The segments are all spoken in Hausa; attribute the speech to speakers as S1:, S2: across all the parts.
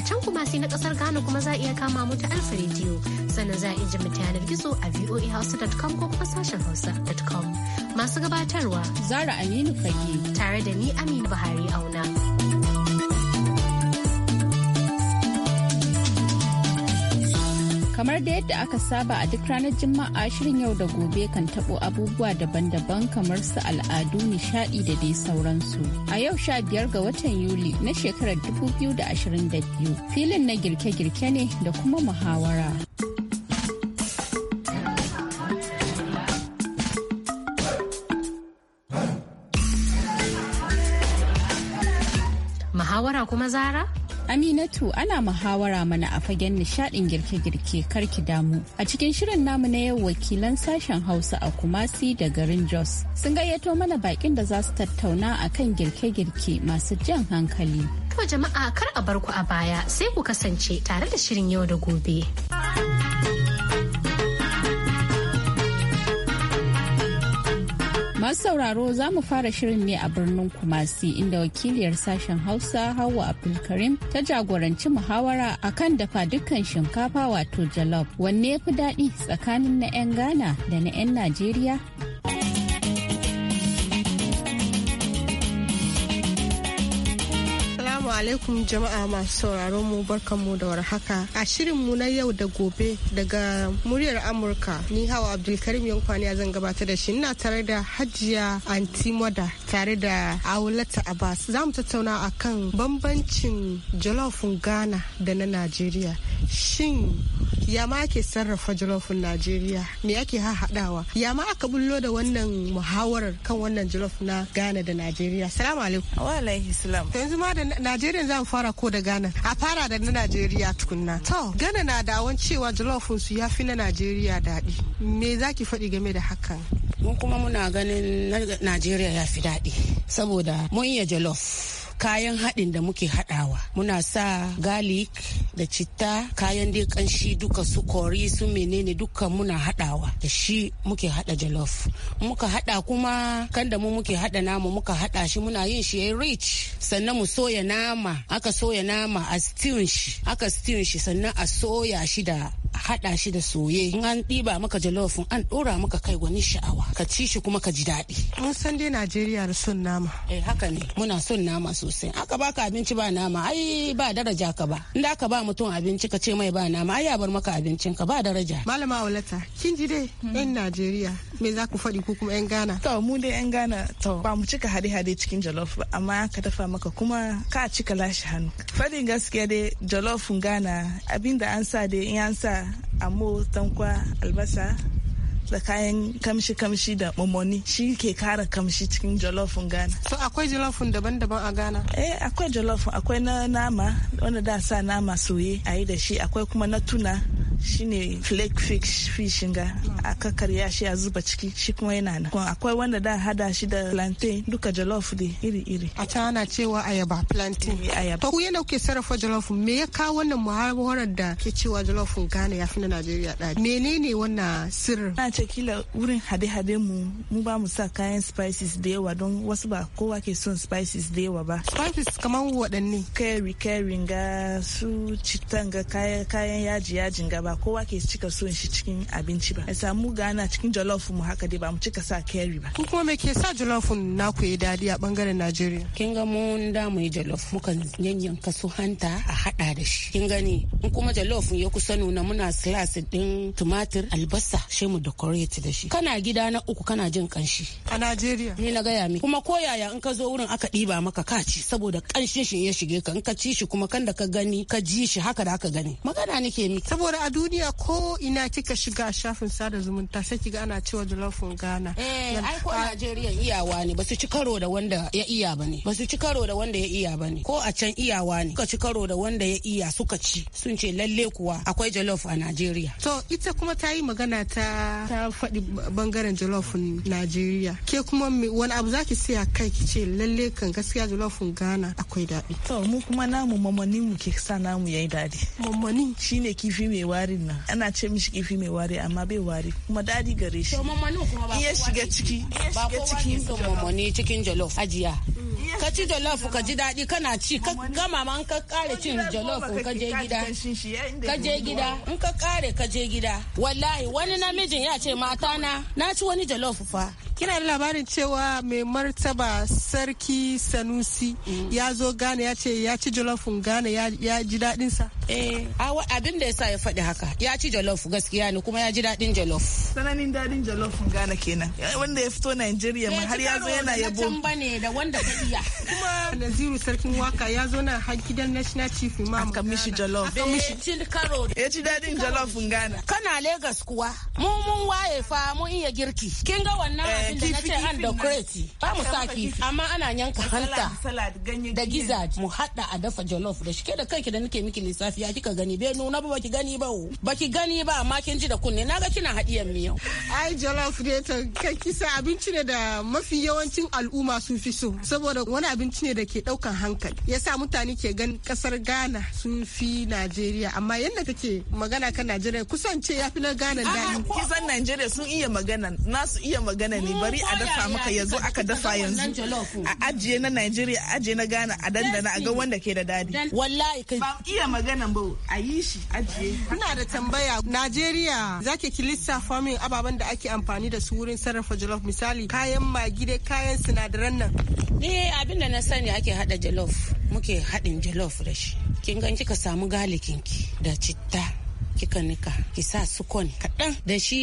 S1: a can kuma sai na kasar Ghana kuma za a iya kama mu ta Alfa Radio sannan za a iya jin ta yanar gizo a voahouse.com ko kuma sashen hausa.com masu gabatarwa Zara Aminu Fage
S2: tare da ni Aminu Buhari Auna. Kamar da yadda aka saba a duk ranar Juma'a shirin yau da gobe kan tabo abubuwa daban-daban kamar su al'adu, nishadi da dai sauransu. A yau sha biyar ga watan Yuli na shekarar da 2022 filin na girke-girke ne da kuma muhawara. Muhawara kuma zara? Aminatu ana muhawara mana a fagen nishadin girke-girke karki damu. A cikin shirin namu na yau wakilan sashen Hausa a Kumasi da garin Jos sun gayyato mana bakin da za su tattauna a kan girke-girke masu jan hankali. To jama'a kar a bar ku a baya sai ku
S1: kasance tare da shirin yau da gobe.
S2: Masu sauraro za mu fara shirin ne a birnin Kumasi inda wakiliyar sashen Hausa Hauwa Abdulkarim ta jagoranci muhawara akan dafa dukkan shinkafa wato jalof wanne ya fi daɗi tsakanin na 'yan Ghana da na 'yan Najeriya?
S3: alaikum jama'a masu sauraron mu barkanmu da warhaka. A shirin mu na yau da gobe daga muryar Amurka ni Hawa Abdulkarim Yankwani zan gabatar da shi ina tare da Hajiya Antimada tare da Aulata Abbas. Za mu tattauna a kan bambancin jolofin Ghana da na Najeriya. Shin ya ma ake sarrafa jolofin Najeriya? Me ake haɗawa? Ya ma aka bullo da wannan muhawarar kan wannan jolof na Ghana da Najeriya? Salamu alaikum. Wa alaihi salam. Yanzu ma da Najeriya za mu fara ko da Ghana. A fara da na Najeriya tukunna. To, Ghana na da cewa jolofin su ya fi na Najeriya daɗi. Me za ki faɗi game da hakan? mun kuma muna ganin najeriya ya fi daɗi saboda mun iya jollof kayan haɗin da muke haɗawa muna sa garlic da citta kayan dai kanshi duka su kori su menene duka muna haɗawa da shi muke haɗa jollof muka haɗa kuma kan da mu muke haɗa nama muka haɗa shi muna yin shi yayin rich sannan mu soya nama aka soya nama a stew shi aka stew shi sannan a soya shi da haɗa shi da soye in an ɗiba maka jollof an ɗora maka kai wani sha'awa ka ci shi kuma ka ji daɗi. Mun san dai Najeriya da son nama. Eh haka ne muna son nama sosai. sosai aka baka abinci ba nama ai ba daraja ka ba inda aka ba mutum abinci ka ce mai ba nama ai ya bar maka abincin ka ba daraja malama walata kin ji dai yan hmm. najeriya me za ku faɗi ko kuma yan ghana to mu dai yan ghana to ba mu cika hade-hade cikin jollof ba amma ka dafa maka kuma ka cika lashe hannu faɗin gaskiya dai jollof ghana abinda an sa dai in an sa amo tankwa albasa da kayan kamshi-kamshi da mamoni shi ke kara kamshi cikin jolofin Ghana. So akwai jolofin daban-daban a Ghana? Eh akwai jolofin akwai na nama wanda da sa nama soye a yi da shi akwai kuma na tuna shine flake fishing fishin ga a shi a zuba ciki shi kuma yana nan kuma akwai wanda da hada shi da plantain duka jollof de iri iri a ta ana cewa ayaba plantain eh, ayaba ku yana kuke sarrafa jollof me ya kawo wannan muhawarar da ke cewa jollof gane ya fi na Najeriya da menene wannan sir na ce kila wurin hade-hade mu mu ba mu sa kayan spices da yawa don wasu ba kowa ke son spices da yawa ba spices kamar waɗanne curry curry ga su citan ga kayan yaji yajin gaba ba kowa ke cika son shi cikin abinci ba. samu gana cikin jollof mu haka dai ba mu cika sa keri ba. Ku kuma me ke sa jollof na ku yi dadi a bangaren Najeriya? Kin ga mun da mu yi jollof mukan yanyanka su hanta a hada da shi. Kin gani in kuma jollof ya kusa nuna muna slice din tumatir albasa shi mu decorate da shi. Kana gida na uku kana jin kanshi. A Najeriya. Ni na gaya mi. Kuma ko yaya in ka zo wurin aka ɗiba maka ka ci saboda kanshin shi ya shige ka in ka ci shi kuma kan da ka gani ka ji shi haka da aka gani. Magana nake mi. Saboda duniya ko ina kika shiga shafin sada zumunta sai kiga ana cewa jolofin Ghana. Eh, ai ko Najeriya iyawa ne ba su ci karo da wanda ya iya bane. Ba su ci karo da wanda ya iya bane. Ko a can iyawa ne. Suka ci karo da wanda ya iya suka ci. Sun ce lalle kuwa akwai jollof a Najeriya. To ita kuma ta yi magana ta ta faɗi bangaren jollof Najeriya. Ke kuma wani abu zaki sai a kai ki ce lalle kan gaskiya jolofin Ghana akwai daɗi. To mu kuma namu mamanin mu ke sa namu yayi daɗi. Mamanin shine kifi mai wari warin nan ana ce mishi kifi mai wari amma bai wari kuma dadi gare shi iya shiga ciki ba ko ciki son mamoni cikin jollof ajiya mm. ka ci jollof ka ji daɗi kana ci ka gama ma ka kare cin jollof ka je gida ka je gida in ka kare ka je gida wallahi wani namijin ya ce mata na na ci wani jollof fa kina da labarin cewa mai martaba sarki sanusi mm. ya zo gane ya ce ya ci jolofin gane ya ji daɗin sa eh abin da yasa ya faɗi haka ya ci jolof gaskiya ne kuma ya ji daɗin jolof sananin daɗin jolofin gane kenan wanda ya fito Najeriya ma eh, har ya zo yana yabo bane da wanda ka iya kuma Naziru sarkin waka ya zo na har gidan National Chief ma aka mishi jolof aka mishi cin karo ya ci daɗin jolofin gane kana Lagos kuwa mu mun waye fa mun iya girki kin ga wannan eh. lokacin da na ba mu sa kifi amma ana yanka hanta da gizaji mu hada a dafa jollof da shike da kanki da nake miki lissafi kika gani bai nuna ba baki gani ba baki gani ba amma kin ji da kunne naga kina hadiyan miyau ai jollof ne ta kan kisa abinci ne da mafi yawancin al'umma sun fi so saboda wani abinci ne da ke daukan hankali yasa mutane ke gan kasar Ghana sun fi Najeriya amma yadda kake magana kan Najeriya kusan ce ya fi na Ghana daɗi kisan Najeriya sun iya magana nasu iya magana ne bari a dafa maka yanzu aka dafa yanzu a ajiye na Najeriya a ajiye na Ghana a dandana a ga wanda ke da dadi wallahi kai ba iya magana ba a yi shi ajiye ina da tambaya Najeriya zaki ki lissafa min ababen da ake amfani da su wurin sarrafa jollof misali kayan magi da kayan sinadaran nan ni abin da na sani ake hada jollof muke hadin jollof da shi kin gan kika samu galikin ki da citta kika nika ki sa su kon kaɗan da shi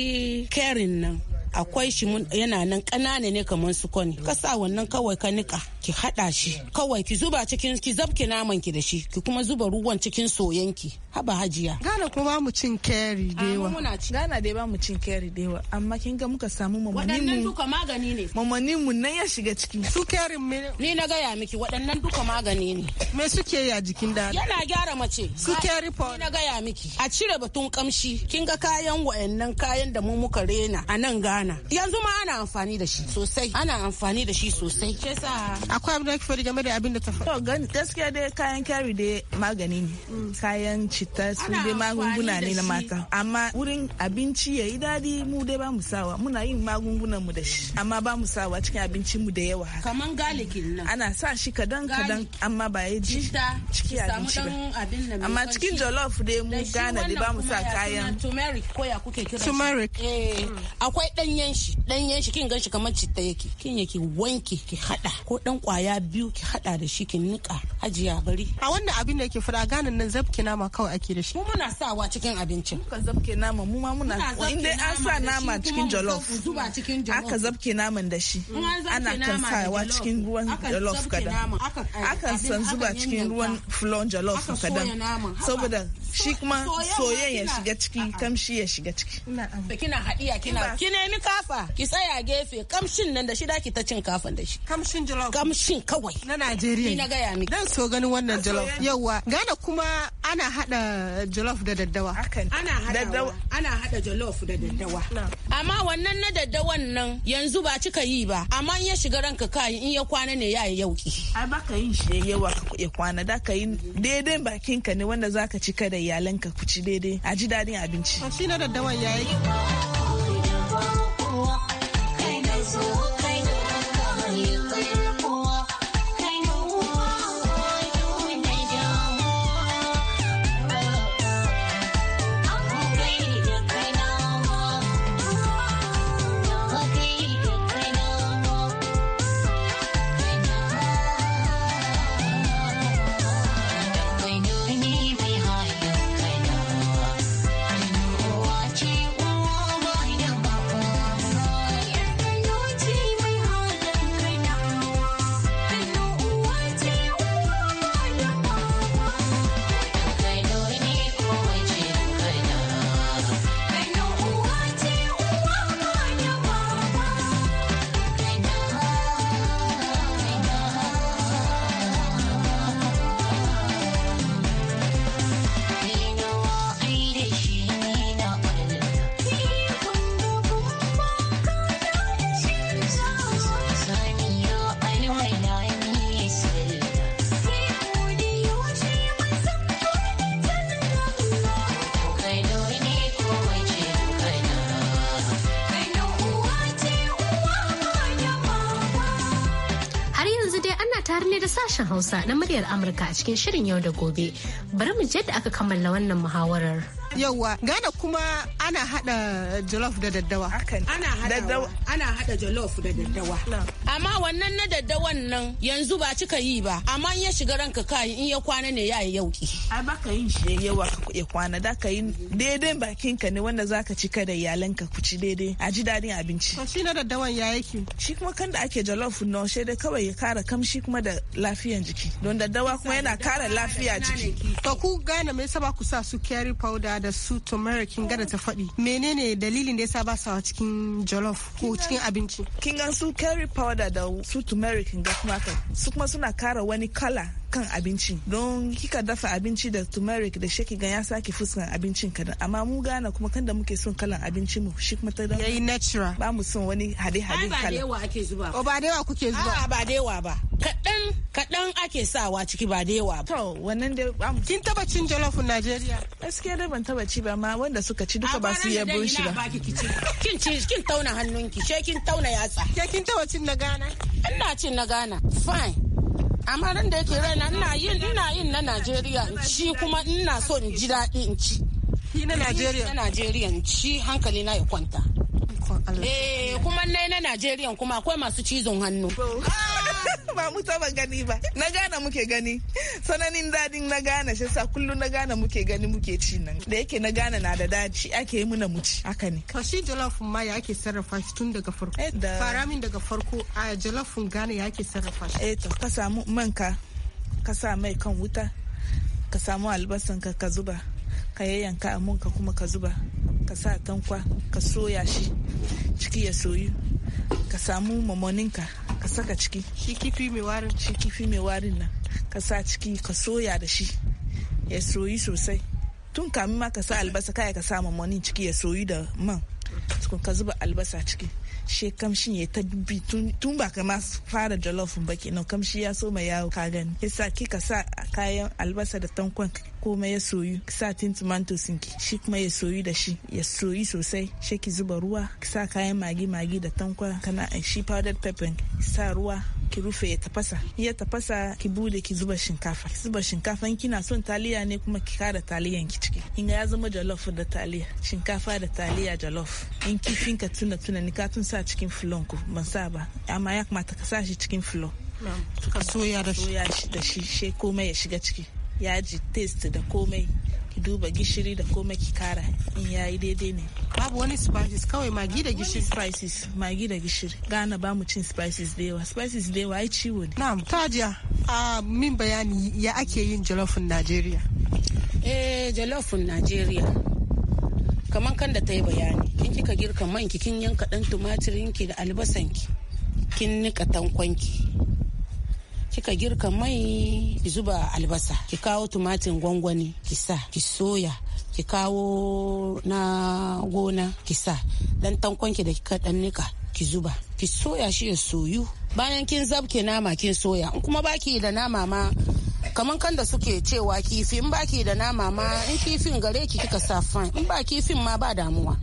S3: kerin nan akwai shi yana nan ƙanana ne kamar su kwani ka sa wannan kawai ka nika ki hada shi kawai ki zuba cikin ki zabke naman ki da shi ki kuma zuba ruwan cikin soyanki haba hajiya gana kuma bamu mu cin keri dewa gana dai ba bamu cin keri dewa amma kin ga muka samu mamanin mu waɗannan duka magani ne mamanin mu nan ya shiga ciki su kerin me ni na gaya miki waɗannan duka magani ne me suke ya jikin da yana gyara mace su keri po ni na gaya miki a cire batun kamshi kin ga kayan waɗannan kayan da mu muka rena a nan gana yanzu ma ana amfani da shi sosai ana amfani da shi sosai kesa akwai abin da kike game da abin da ta faɗa to gaskiya dai kayan keri dai magani ne mm. kayan ci citta su dai magunguna ne na mata amma wurin abinci ya yi dadi mu dai ba mu sawa muna yin magungunan mu da shi amma ba mu sawa cikin abincin mu da yawa kaman galikin nan ana sa shi kadan kadan amma ba ya ji cikin abinci ba amma cikin jollof dai mu gana dai ba mu sa kayan turmeric ko ya kuke kira turmeric eh, hmm. akwai danyen shi danyen shi kin gan shi kamar citta yake kin yake wanke ki hada ko dan kwaya biyu ki hada da shi ki nika ajiya bari a wannan abin da ke fara ganin nan zabki nama kawai ake da shi. Mu muna sawa cikin abincin. Muka zabke nama mu ma muna inda an sa nama cikin jollof. Zuba cikin jollof. Aka zabke naman da shi. Ana kan sawa cikin ruwan jollof kadan. aka eh, san zuba cikin ruwan fulon jollof kadan. Saboda shi kuma soyayya ya shiga ciki kamshi ya shiga ciki. Kina haɗiya kina ki nemi kafa ki tsaya gefe kamshin nan da shi da ki ta cin kafan da shi. Kamshin jollof. Kamshin kawai. Na Najeriya. Ni na gaya miki. Dan so ganin wannan jollof. Yawwa. Gana kuma ana hada. hada jollof da daddawa ana hada jollof da daddawa amma wannan na daddawan nan yanzu ba cika yi ba amma in ya shiga ranka kayi in ya kwana ne ya yi yauki ai baka yin shi yawa ya kwana da ka yi daidai bakin ka ne wanda zaka cika da iyalanka ku ci daidai a ji dadin abinci shi na daddawan yayi
S1: sashen Hausa na muryar Amurka a cikin shirin yau da gobe. Bari mu je da aka kammala
S3: wannan muhawarar. Yauwa, Ghana kuma ana hada jollof da daddawa. Ana hada jollof da daddawa. Amma wannan na daddawan nan yanzu ba cika yi ba, amma in ya shiga ranka kai in ya kwana ne ya yi yauki. Ai baka yin shi yawa ya kwana da ka yi daidai bakin ka ne wanda zaka ci ka da iyalanka ku ci daidai a ji daɗin abinci. To shi na daddawan ya yake. Shi kuma kan da ake jollof no shi dai kawai ya kara kamshi kuma da lafiyan jiki don daddawa kuma yana kara lafiya jiki. To ku gane me yasa ba ku sa su carry powder da su turmeric kin gada ta faɗi menene dalilin da yasa ba sa cikin jollof ko cikin abinci. Kin gan su carry powder da su turmeric ga kuma su kuma suna kara wani kala kan abinci don kika dafa abinci da turmeric da shi ga ya sake fuskan abincin kadan amma mu gana kuma kan da muke son kalan abinci mu shi kuma ta da yayi natural ba mu son wani hade hade kala ba ake zuba o oh, ba dewa kuke zuba a ba dewa ba kadan kadan ake sawa ciki ba dewa ba to wannan da kin taba cin jollof Najeriya gaskiya da ban taba ci ba amma wanda suka ci duka ba su yabo shi ba kin ci kin tauna hannunki Shekin kin tauna yatsa ke kin taba cin na Ghana ina cin na Ghana fine amaran da yake raina ina yin ina yin na najeriya in ci kuma ina so in ji daɗi in ci na najeriya na najeriya in ci hankali na ya kwanta eh kuma na na najeriya kuma akwai masu cizon hannu ba mu taba gani ba na gana muke gani sananin dadin na gana shi sa kullum na gana muke gani muke ci nan da yake na gana na da daci ake yi muna muci haka ne to shi jollof ma ya sarrafa shi tun daga farko eh, faramin daga farko a jollof gana ya sarrafa shi eh to ka samu manka ka sa mai kan wuta ka samu albasan ka ka zuba ka yayyanka a ka kuma ka zuba ka sa tankwa ka soya shi ciki ya soyu ka samu mamoninka ka saka ciki shi kifi mai warin shi kifi mai warin nan ka sa ciki ka soya da shi ya soyi sosai tun kamin ma ka sa albasa kai ka sa mamanin ciki ya soyi da man ka zuba albasa ciki she kamshin ya ta bi tun ba masu fara jollof ba kenan kamshi ya soma ma yawo ka gani yasa kika sa kayan albasa da tankon komai ya soyu sa tin tomatoes ki shi kuma ya soyu da shi ya soyu sosai shi ki zuba ruwa sa kayan magi magi da tankon kana shi powdered pepper sa ruwa ki rufe ya tafasa ya tafasa ki bude ki zuba shinkafa ki zuba shinkafa kina son taliya ne kuma ki kara taliyan ki ciki in ya zama jollof da taliya shinkafa da taliya jollof in kifin ka tuna tuna ni ka tun sa cikin filon ku ban sa ba amma ya kamata ka sa shi cikin filon ka soya da shi sai komai ya shiga ciki yaji taste da komai ki duba gishiri da komai ki kara in yayi daidai ne babu wani spices kawai magi da gishiri spices magi da gishiri gana ba mu cin spices da yawa spices da yawa ai ciwo ne na'am tajiya a min bayani ya ake yin jollof Najeriya eh jollof Najeriya kamar kan da ta yi bayani in kika girka man ki kin yanka dan tumatirin ki da albasan ki kin nika tankwanki kika girka mai ki zuba albasa ki kawo tumatin gwangwani ki sa ki soya ki kawo na gona ki sa dan tankonki da kika dan nika ki zuba ki soya shi ya soyu bayan kin zabke nama kin soya in kuma baki da nama ma kaman kan da suke cewa kifi in baki da nama ma in kifin gare ki kika sa fine in ba kifin ma ba damuwa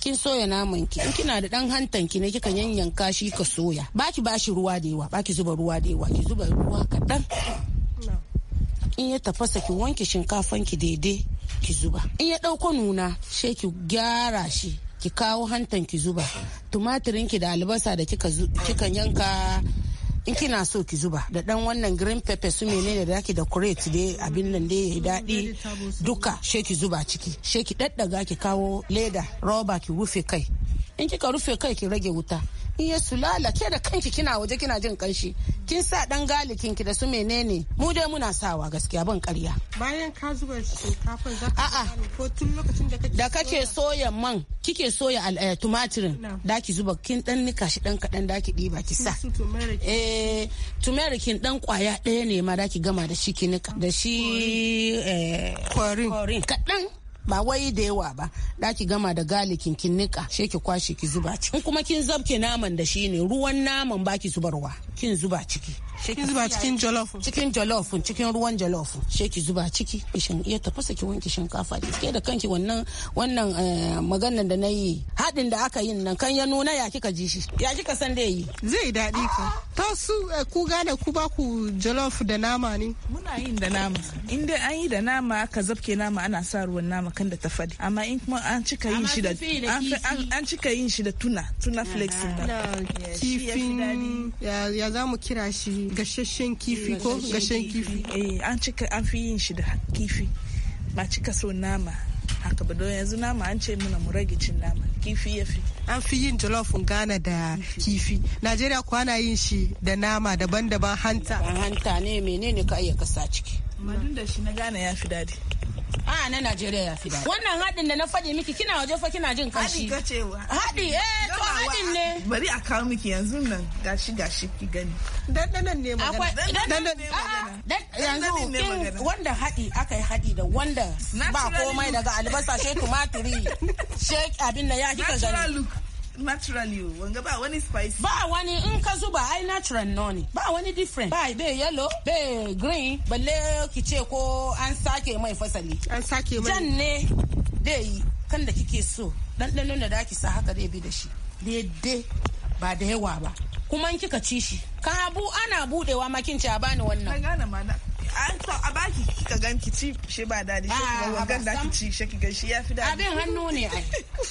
S3: kin soya naman ki in kina da dan hantan ki ne kika yanyanka shi ka soya baki bashi ruwa da yawa baki zuba ruwa da yawa ki zuba ruwa kaɗan in ya tafasa ki wanke shinkafan ki daidai ki zuba in ya ɗauko nuna sai ki gyara shi ki kawo hantan ki zuba tumatirin ki da albasa da kika yanka in kina so ki zuba da dan wannan green pepper su menene da zaki da crate dai abin nan dai ya daɗi duka she ki zuba ciki she ki daddaga ki kawo leda roba ki rufe kai in kika rufe kai ki rage wuta in ya sulala ke da kanki kina waje kina jin kanshi kin sa dan galikin ki da su menene mu dai muna sawa gaskiya ban karya bayan ka zuba shinkafa za ka ko tun lokacin da kake da kake soya man kike soya eh, tumatirin da ki zuba kin dan nika shi dan kadan da ki diba ki sa eh tumerikin dan kwaya daya ne ma da ki gama da shi ki nika da shi eh kwarin kadan ba wai da yawa ba da ki gama da galikin kin nika she ki kwashe ki zuba ciki kuma kin zabke naman da shi ne ruwan naman baki zubarwa kin zuba ciki kin zuba cikin jollof cikin jollof cikin ruwan jollof she ki zuba ciki kishin iya tafasa ki wanki shinkafa ki ke da kanki wannan wannan eh, maganar da nayi hadin da aka yin nan kan ya nuna ya kika ji shi ya kika san da yi zai dadi ka to su eh, ku gane ku ba ku jollof da nama ne muna yin da nama inda an yi da nama aka zabke nama ana sa ruwan nama kan da ta faɗi amma in kuma an cika yin shi da an cika yin shi da tuna tuna flexing da kifin ya za mu kira shi gashashen kifi ko gashen kifi eh an cika an fi yin shi da kifi ba cika so nama haka ba don yanzu nama an ce muna mu rage cin nama kifi ya fi an fi yin jollof gana da kifi najeriya na yin shi da nama daban-daban hanta hanta ne menene ka ayyaka sa ciki madun da shi na gana ya fi dadi a na Najeriya ya fi daɗi wannan haɗin da na faɗi miki kina waje fa kina jin kashi haɗi cewa haɗi eh to haɗin ne bari a kawo miki yanzu nan gashi gashi ki gani dandanan ne magana dandanan ne magana yanzu kin wanda haɗi aka yi haɗi da wanda ba komai daga albasa she tumaturi she abin da ya kika gani naturally you wanga ba wani spice ba wani in ka zuba ai natural no ne ba wani different ba be yellow be green balle ki ce ko an sake mai fasali an sake mai jan ne dai kan da kike so dan da da ki sa haka dai bi da shi daidai ba da yawa ba kuma in kika ci shi ka bu ana budewa kin ci a bani wannan an to a baki kika gan ki ci ba dadi shi kuma ah, wangan da ki ci shi ki gan shi yafi dadi abin hannu ne ai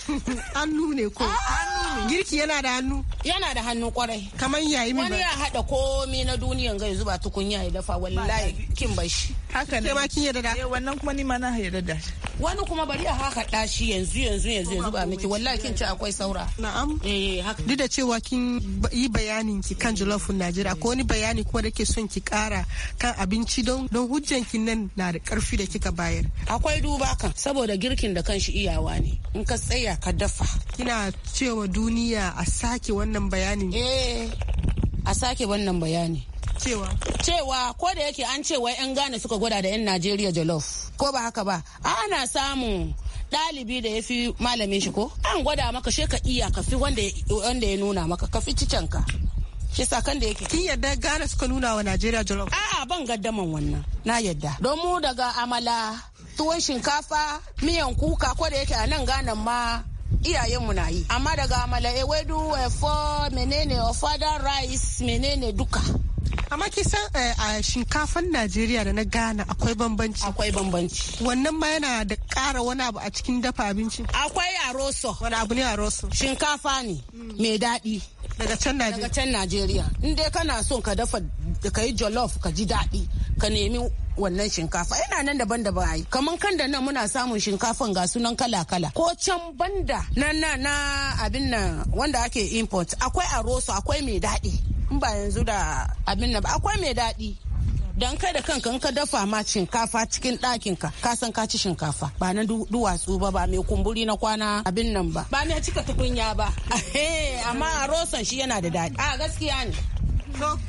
S3: hannu ne ko ah! hannu girki yana da hannu yana da hannu kwarai kamar yayi min wani ya hada komai na duniyan gai zuba tukunya ya dafa wallahi kin bashi. shi haka ne ma kin yarda eh wannan kuma ni ma na yarda da wani kuma bari a haka da shi yanzu yanzu yanzu ya zuba miki wallahi kin ci akwai saura na'am eh haka duk da cewa kin yi bayanin ki kan jollof Najeriya ko wani bayani kuma da ke son ki kara kan abinci don don hujjan kin nan na da karfi da kika bayar akwai duba kan saboda girkin da kanshi iyawa ne in ka tsaya ka dafa kina cewa duniya a sake wannan bayani eh a sake wannan bayani cewa cewa ko da yake an cewa 'yan Ghana suka gwada da 'yan Najeriya jollof ko ba haka ba ana samun ɗalibi da ya fi malamin shi ko an gwada maka sheka iya ka fi wanda ya nuna maka ka fi cicanka shi sakan da yake kin yadda Ghana suka nuna wa Najeriya jollof a'a ban gaddaman wannan na yadda don mu daga amala tuwon shinkafa miyan kuka ko da yake a nan Ghana ma iyayenmu na yi amma daga amala ewedu efo menene ofada rice menene duka amma kisan eh, a shinkafan najeriya da na ghana akwai bambanci akwai bambanci wannan ma yana da ƙara wani abu a cikin dafa abinci akwai aroso wani abu ne aroso shinkafa ne mai daɗi daga can najeriya daga najeriya in dai kana son ka dafa ka yi jollof ka ji daɗi ka nemi wannan shinkafa yana nan daban daban ayi kamar kan da nan muna samun shinkafan ga sunan kala kala ko can banda na na na abin nan wanda ake import akwai aroso akwai mai daɗi in ba yanzu da abin nan ba akwai mai daɗi don kai da kanka in ka dafa ma shinkafa cikin ɗakin ka ka san ka ci shinkafa ba na duwatsu ba ba mai kumburi na kwana abin nan ba ba mai cika tukunya ba eh, amma a rosan shi yana da daɗi a gaskiya ne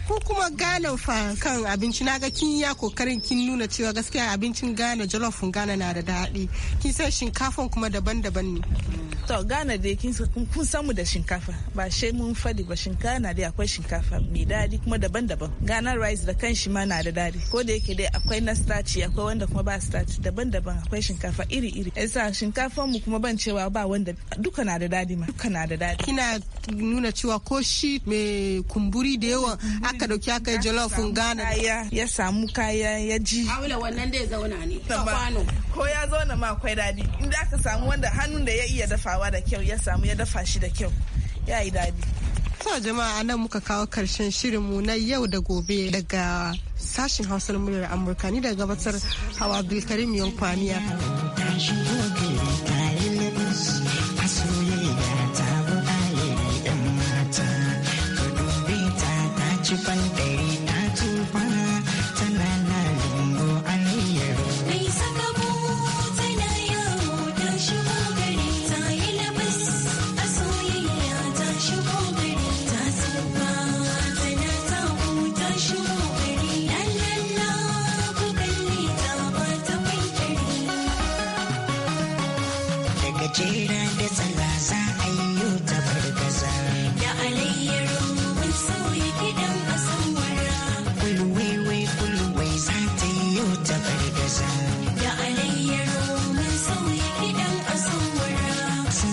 S3: ko kuma Ghana fa kan abinci na ga kin ya kokarin kin nuna cewa gaskiya abincin Ghana jollof Ghana na da daɗi kin san shinkafan kuma daban-daban ne to Ghana dai kun san mu da shinkafa ba she mun fadi ba shinkafa na dai akwai shinkafa mai daɗi kuma daban-daban Ghana rice da kanshi ma na da daɗi ko da yake dai akwai na starch akwai wanda kuma ba starch daban-daban akwai shinkafa iri-iri yasa shinkafan mu kuma ban cewa ba wanda duka na da daɗi ma duka na da daɗi kina nuna cewa ko shi mai kumburi da yawa aka dauki aka yi jollof Ghana ya samu kaya ya ji aula wannan dai zauna ne ko ya zauna ma akwai daɗi inda aka samu wanda hannun da ya iya dafawa kulawa da kyau ya samu ya dafa shi da kyau ya yi daɗi. To jama'a nan muka kawo karshen shirinmu na yau da gobe daga sashen hausar muryar Amurka ni daga gabatar hawa Bilkarim Yankwaniya. Ci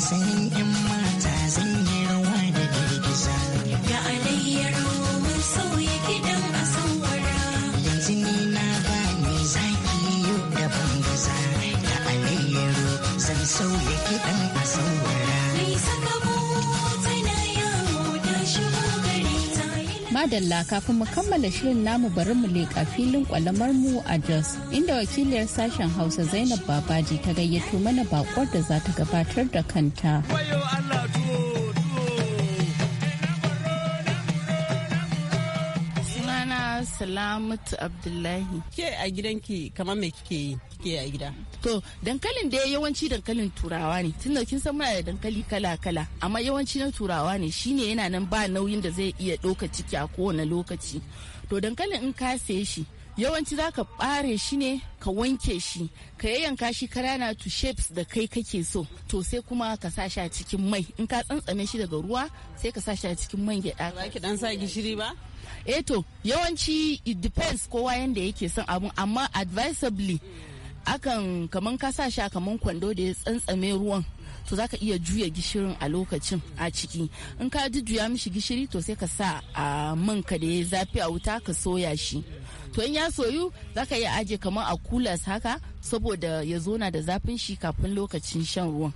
S1: singing
S2: Madalla kafin mu kammala shirin namu bari mu leƙa filin kwalamar mu a Jos inda wakiliyar sashen Hausa Zainab Babaji ta gayyato mana bakwar da za ta gabatar da kanta.
S3: Salamatu Abdullahi. Ke a gidanki kamar me kike yi? Kike a gida? To, dankalin da yawanci dankalin turawa ne. Tunda kin san muna da dankali kala-kala, amma yawanci na turawa ne shine yana nan ba nauyin da zai iya ɗauka ciki a kowane lokaci. To dankalin in ka shi yawanci za ka ɓare shi ne ka wanke shi ka yayyanka shi kanana to shapes da kai kake so to sai kuma ka sa shi a cikin mai in ka tsantsame shi daga ruwa sai ka sa shi a cikin man gyaɗa. Ba ki dan sa gishiri ba? Eh to yawanci it depends kowa yanda yake son abun amma advisably akan kaman ka sa shi kaman kwando da ya tsantsame ruwan to za ka iya juya gishirin a lokacin a ciki in ka jujjuya mishi gishiri to sai ka sa a man ka da ya zafi a wuta ka soya shi to in ya soyu za ka iya aje kamar a kulas haka saboda ya na da zafin shi kafin lokacin shan ruwan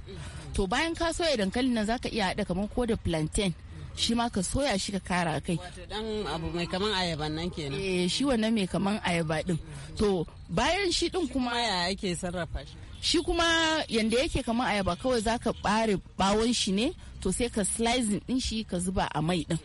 S3: to bayan ka soya dankalin nan za ka iya haɗa kamar ko da plantain shi ma ka soya shi ka kara kai dan abu mai kaman ayaba nan kenan eh shi wannan mai kaman ayaba din to bayan shi din kuma ya ake sarrafa shi shi kuma yanda yake kamar ayaba kawai za ka bare bawon shi ne to sai ka slicing din shi ka zuba a mai din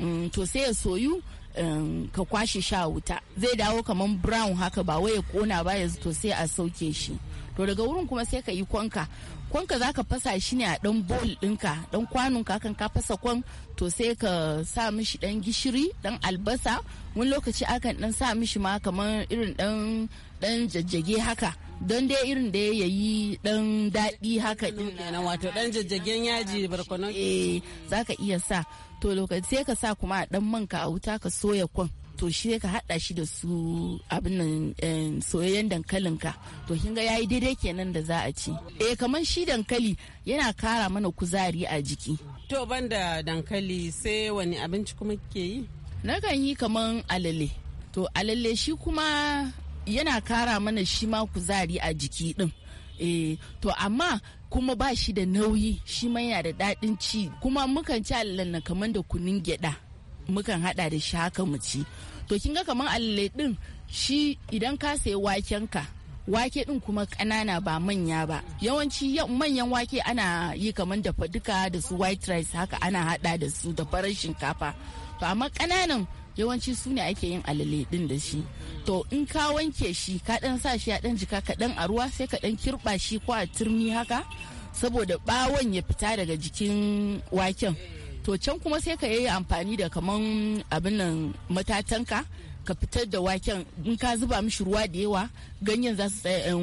S3: mm, to sai ya soyu um, ka kwashe sha wuta zai dawo kamar brown haka ba wai ya kona ba ya to sai a sauke shi to daga wurin kuma sai ka yi kwanka kwanka za ka fasa shi ne a dan bowl dinka dan kwanon kakan ka fasa kwan to sai ka sa mishi dan gishiri dan albasa wani lokaci akan dan sa mishi ma kamar irin dan dan jajjage haka don dai irin da ya yi dan daɗi haka din kenan wato dan jajjagen yaji barkonon eh zaka iya sa to lokaci sai ka sa kuma a dan manka a wuta ka soya kwan to shi ka hada shi da su abin nan eh, soyayyen dankalin ka to kin ga yayi daidai kenan da za a ci eh kamar shi dankali yana kara mana kuzari a jiki to banda dankali sai wani abinci kuma kike yi Na kan yi kaman alale to alale shi kuma yana kara mana shi ma kuzari a jiki din eh to amma kuma ba shi da nauyi shi ma yana da daɗin ci kuma mukan ci alalla kamar da kunun gyaɗa mukan haɗa da shi haka mu ci to kin ga kamar alale din shi idan ka sayi waken ka wake din kuma kanana ba manya ba yawanci manyan wake ana yi kamar da faduka da su white rice haka ana haɗa da su da farar shinkafa to amma kananan yawanci su ne ake yin alale din da shi to in ka wanke shi ka dan sa shi a dan jika ka dan a ruwa sai ka dan kirba shi ko a turmi haka saboda bawon ya fita daga jikin waken to can kuma sai ka yi amfani da kaman abin nan matatanka ka fitar da waken in ka zuba mishi ruwa da yawa ganyen za su tsaya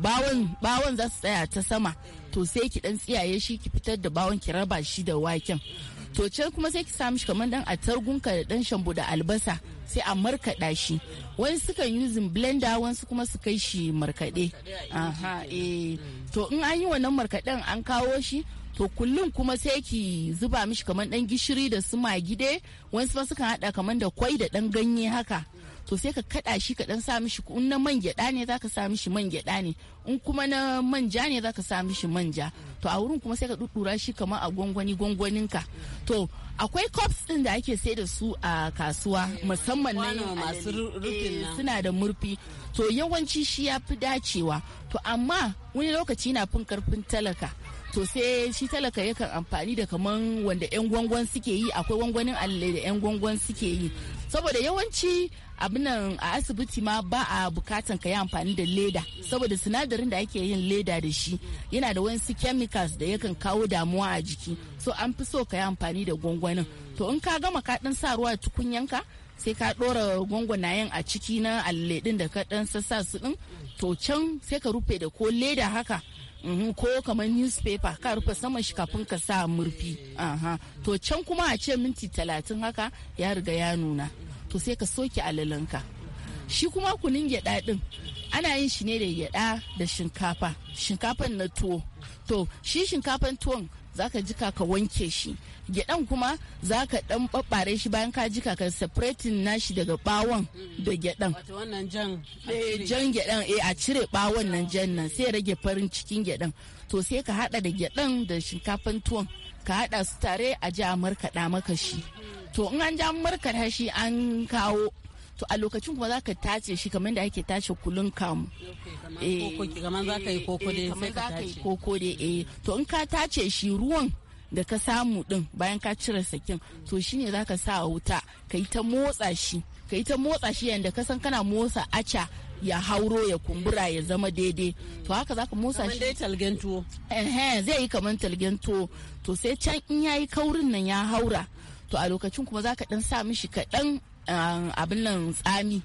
S3: bawon um, bawon za su tsaya ta sama to sai ki dan tsiyaye shi ki fitar da bawon ki raba shi da waken to can kuma sai ki sa mishi kamar dan atargunka da dan shambo da albasa sai a markaɗa shi wani suka yuzin blender wani kuma su kai shi markaɗe aha eh to in an yi wannan markaɗen an kawo shi to kullum kuma sai ki zuba mishi kamar dan gishiri da su magide wasu ma sukan hada kamar da kwai da dan ganye haka to sai ka kada shi ka dan sa mishi in na man gyada ne zaka sa mishi man gyada ne in kuma na manja ne zaka sa mishi manja to a wurin kuma sai ka duddura shi kamar a gwangwani ka to akwai cups din da ake sai da su a kasuwa musamman na masu rufin eh, suna da murfi to yawanci shi ya fi dacewa to amma wani lokaci na fin karfin talaka to sai shi talaka yakan amfani da kaman wanda 'yan gwangwan suke yi akwai gwangwanin allai da 'yan gwangwan suke yi saboda yawanci abin nan a asibiti ma ba a bukatan ka yi amfani da leda saboda sinadarin da ake yin leda da shi yana da wasu chemicals da yakan kawo damuwa a jiki so an fi so ka yi amfani da gwangwanin to in ka gama ka dan sa ruwa tukunyanka sai ka dora gwangwanayen a ciki na alle din da ka dan sassa su din to can sai ka rufe da ko leda haka Mhm, ko kamar newspaper ka rufe saman shi kafin ka sa murfi to can kuma a ce minti talatin haka ya riga ya nuna to sai ka soke alalanka shi kuma kunin gyaɗa ɗin ana yin shi ne da gyaɗa da shinkafa shinkafan na tuwo to shi shinkafan tuwon zaka jika ka wanke shi gyaɗan kuma za ka ɗan shi bayan ka jika ka separating nashi daga ɓawon da gyaɗan. Eh, jan gyaɗan eh a cire ɓawon nan jan nan sai rage farin cikin gyaɗan to sai ka haɗa da gyaɗan da shinkafan tuwon ka haɗa su tare a ji a markaɗa maka shi to in an ja markaɗa shi an kawo to a lokacin kuma zaka tace shi kamar da ake tace kulun kamu kamar za ka yi koko dai eh, sai ka tace koko dai eh to in ka tace shi ruwan da ka samu din bayan ka cire sakin to shine zaka sa a wuta ka yi ta motsa shi ka yi ta motsa shi yadda ka san kana motsa aca ya hauro ya kumbura ya zama daidai to haka zaka motsa shi dai talgen tuwo eh zai yi kamar talgen tuwo to sai can in yayi kaurin nan ya haura to a lokacin kuma zaka dan sa mishi kaɗan Um, abin nan tsami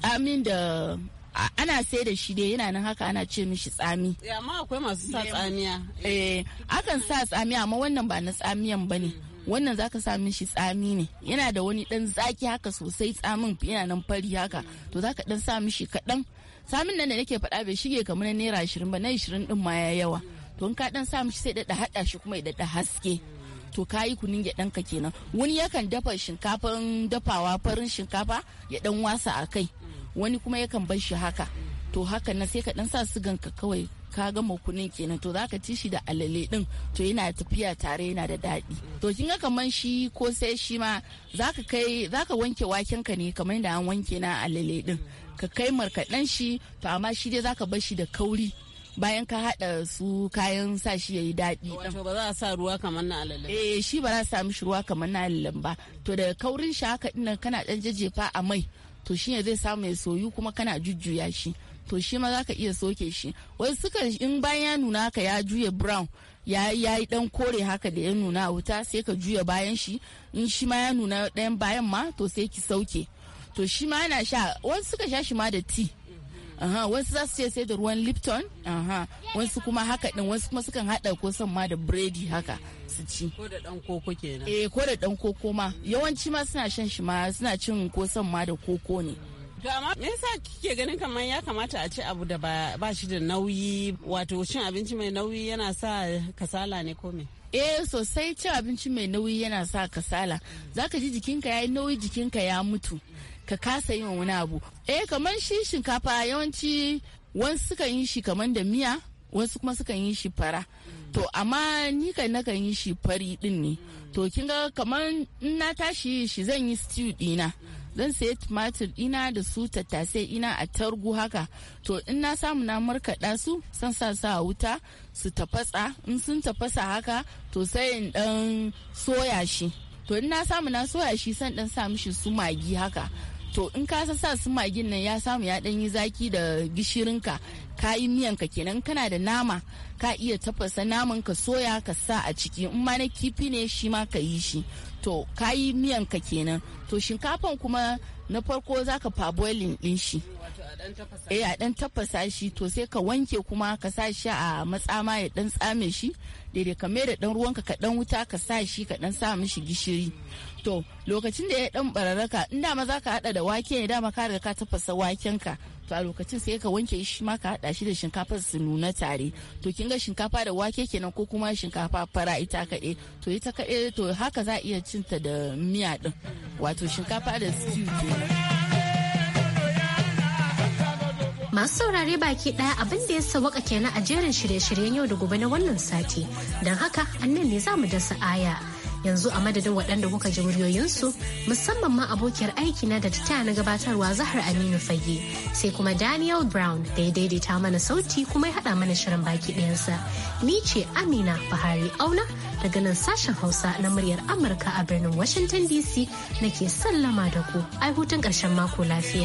S3: tsamin da ana sai da shi dai yana nan haka ana ce mishi tsami amma akwai masu sa tsamiya eh akan sa tsamiya amma wannan ba na tsamiyan bane mm-hmm. wannan zaka sa mishi tsami ne yana da wani dan zaki haka sosai tsamin yana nan fari haka mm-hmm. to zaka dan sa mishi kadan tsamin nan da nake faɗa bai shige kamar naira ashirin ba na ashirin din ma ya yawa mm-hmm. to in ka dan sa mishi sai da hada shi kuma ya da haske to kayi kunin gyaɗan ka kenan wani yakan dafa shinkafan dafawa farin shinkafa ya dan wasa a kai wani kuma yakan bar shi haka to haka na sai ka dan sa sigan ka kawai ka gama kunin kenan to zaka ci shi da alale din to yana tafiya tare yana da daɗi to kin ga kaman shi ko sai shi ma zaka kai zaka wanke waken ka ne kamar da an wanke na alale ɗin ka kai markaɗan shi to amma shi dai zaka bar shi da kauri bayan ka haɗa su kayan sa shi yayi daɗi wato ba za a sa ruwa kamar na alalen eh shi ba za a samu shi ruwa kamar na alalen ba to daga kaurin shi haka dinnan kana dan jajjefa a mai to shi ne zai samu ya soyu kuma kana jujjuya shi to shi ma zaka iya soke shi wasu sukan in bayan ya nuna haka ya juya brown ya yi dan kore haka da ya nuna a wuta sai ka juya bayan shi in shi ma ya nuna ɗayan bayan ma to sai ki sauke to shi ma yana sha wasu suka sha shi ma da tea aha wasu za su ce sai da ruwan lipton aha wasu kuma haka din wasu kuma sukan hada ko san ma da bredi haka su ci ko da dan koko kenan eh ko da dan koko ma yawanci ma suna shan shi ma suna cin ko san ma da koko ne To amma me yasa kike ganin kamar ya kamata a ci abu da ba shi da nauyi wato cin abinci mai nauyi yana sa kasala ne ko me? eh sosai cin abinci mai nauyi yana sa kasala zaka ji jikinka ya yi nauyi jikinka ya mutu ka kasa yin wani abu eh kamar shi shinkafa yawanci wasu suka yi shi kamar da miya wasu kuma sukan yi shi fara to amma ni kan yi shi fari din ne to kin ga kamar in na tashi shi zan yi stew dina zan sayi tumatir ina da su tattasai ina a targu haka to in na samu na markaɗa su san sa sa wuta su tafasa in sun tafasa haka to sai in dan soya shi to in na samu na soya shi san dan sa mishi su magi haka to in ka sa su magin nan ya samu ya dan yi zaki da gishirinka ka yi miyanka kenan kana da nama ka iya tafasa naman ka soya ka sa a ciki in ma na kifi ne shi ma ka yi shi to kayi miyan ka kenan to shinkafan kuma na farko zaka fa ɗin din shi eh a dan tafasa shi to sai ka wanke kuma ka sa shi a matsama ya dan tsame shi daidai ka mai da dan ruwanka ka dan wuta ka sa shi ka dan sa mishi gishiri to lokacin da ya dan bararraka in dama zaka ka hada da wake ne dama ka riga ka tafasa waken ka to a lokacin sai ka wanke shi ma ka hada shi da shinkafa su nuna tare to kin ga shinkafa da wake kenan ko kuma shinkafa fara ita kaɗe to ita kaɗe to haka za a iya ta da miya din wato shinkafa da stew
S1: Masu saurare baki ɗaya abin da ya sawaka kenan a jerin shirye-shiryen yau da gobe na wannan sati. Don haka, annan ne za mu dasa aya. yanzu a madadin waɗanda kuka ji muryoyinsu musamman ma abokiyar aiki na da ta na gabatarwa zahar aminu fage sai kuma daniel brown da ya daidaita mana sauti kuma ya haɗa mana shirin baki ɗayansa ni ce amina bahari auna daga nan sashen hausa na muryar amurka a birnin washington dc nake sallama da ku ai hutun ƙarshen mako lafiya